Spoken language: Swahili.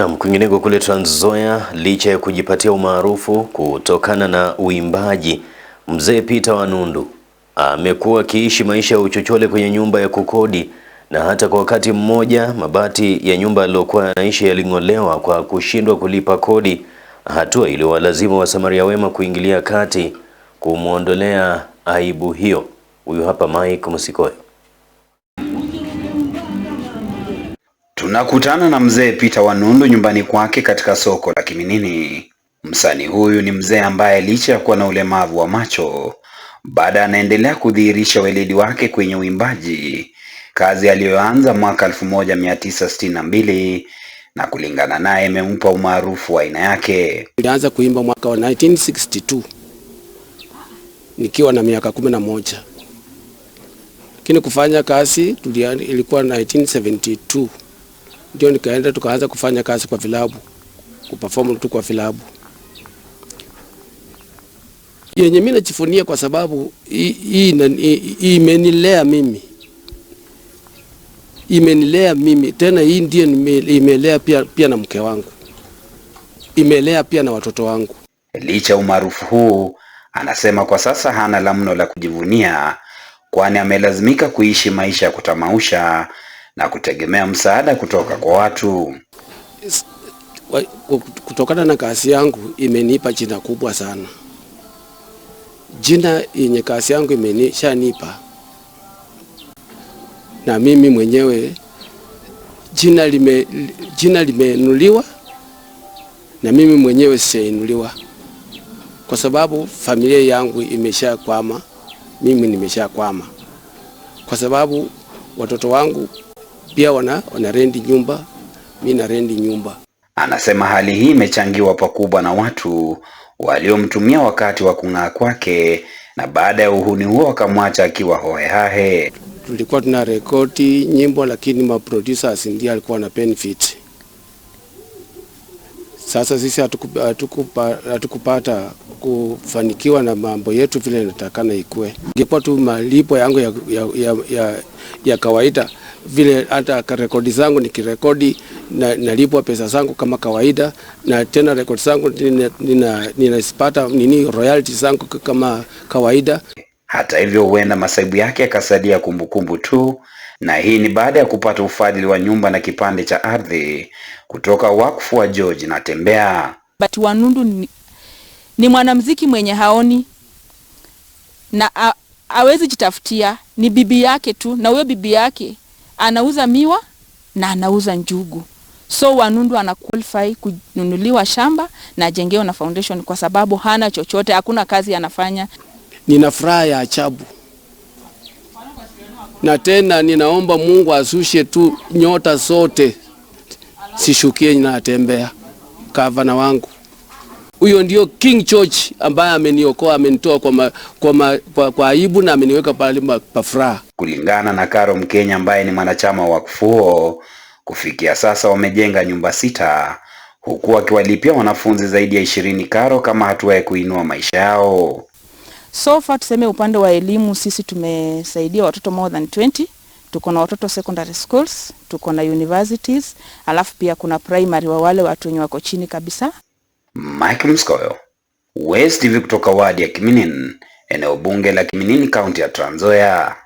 Naam, kwingineko kule Trans Nzoia, licha ya kujipatia umaarufu kutokana na uimbaji, mzee Peter Wanundu amekuwa akiishi maisha ya uchochole kwenye nyumba ya kukodi, na hata kwa wakati mmoja mabati ya nyumba aliyokuwa anaishi yaling'olewa kwa kushindwa kulipa kodi, hatua iliyowalazimu wasamaria wema kuingilia kati kumwondolea aibu hiyo. Huyu hapa Mike Msikoe. Tunakutana na mzee Peter Wanundu nyumbani kwake katika soko la Kiminini. Msanii huyu ni mzee ambaye licha ya kuwa na ulemavu wa macho, baada anaendelea kudhihirisha weledi wake kwenye uimbaji, kazi aliyoanza mwaka 1962 na kulingana naye imempa umaarufu wa aina yake. Nilianza kuimba mwaka wa 1962 nikiwa na miaka 11, lakini kufanya kazi ilikuwa 1972 ndio nikaenda tukaanza kufanya kazi kwa vilabu, kuperform tu kwa vilabu. Yenye mimi najifunia kwa sababu hii imenilea mimi, imenilea mimi tena, hii ndio imelea pia, pia na mke wangu, imelea pia na watoto wangu. Licha umaarufu huu, anasema kwa sasa hana la mno la kujivunia, kwani amelazimika kuishi maisha ya kutamausha na kutegemea msaada kutoka kwa watu. Kutokana na kazi yangu imenipa jina kubwa sana, jina yenye kazi yangu imenishanipa na mimi mwenyewe jina lime, jina limeinuliwa na mimi mwenyewe sijainuliwa, kwa sababu familia yangu imeshakwama, mimi nimeshakwama, kwa sababu watoto wangu pia wana, wana rendi nyumba, mi na rendi nyumba. Anasema hali hii imechangiwa pakubwa na watu waliomtumia wakati wa kung'aa kwake, na baada ya uhuni huo wakamwacha akiwa hohehahe. Tulikuwa tuna rekodi nyimbo, lakini maproducers ndio alikuwa na benefit sasa sisi hatukupata kufanikiwa na mambo yetu vile inatakana ikue. Ingekuwa tu malipo yangu ya, ya, ya, ya, ya kawaida vile, hata rekodi zangu nikirekodi na, nalipwa pesa zangu kama kawaida, na tena rekodi zangu ninazipata nina, nini royalty zangu kama kawaida. Hata hivyo, huenda masaibu yake ya kumbukumbu tu na hii ni baada ya kupata ufadhili wa nyumba na kipande cha ardhi kutoka wakfu wa George Natembea. But Wanundu ni, ni mwanamuziki mwenye haoni na a, awezi jitafutia, ni bibi yake tu, na huyo bibi yake anauza miwa na anauza njugu so Wanundu ana qualify kununuliwa shamba na ajengewe na foundation kwa sababu hana chochote, hakuna kazi anafanya. Nina furaha ya ajabu na tena ninaomba Mungu asushe tu nyota zote sishukie, ninatembea gavana wangu huyo ndio King George ambaye ameniokoa, amenitoa kwa, ma, kwa, ma, kwa, kwa aibu na ameniweka pale pa furaha. Kulingana na karo Mkenya ambaye ni mwanachama wa kufuo, kufikia sasa wamejenga nyumba sita huku wakiwalipia wanafunzi zaidi ya ishirini karo kama hatua ya kuinua maisha yao. So far tuseme upande wa elimu sisi tumesaidia watoto more than 20. Tuko na watoto secondary schools, tuko na universities, alafu pia kuna primary wa wale watu wenye wako chini kabisa. Mike Mskoyo, West TV kutoka wadi ya Kiminin, eneo bunge la Kiminin, kaunti ya Trans Nzoia.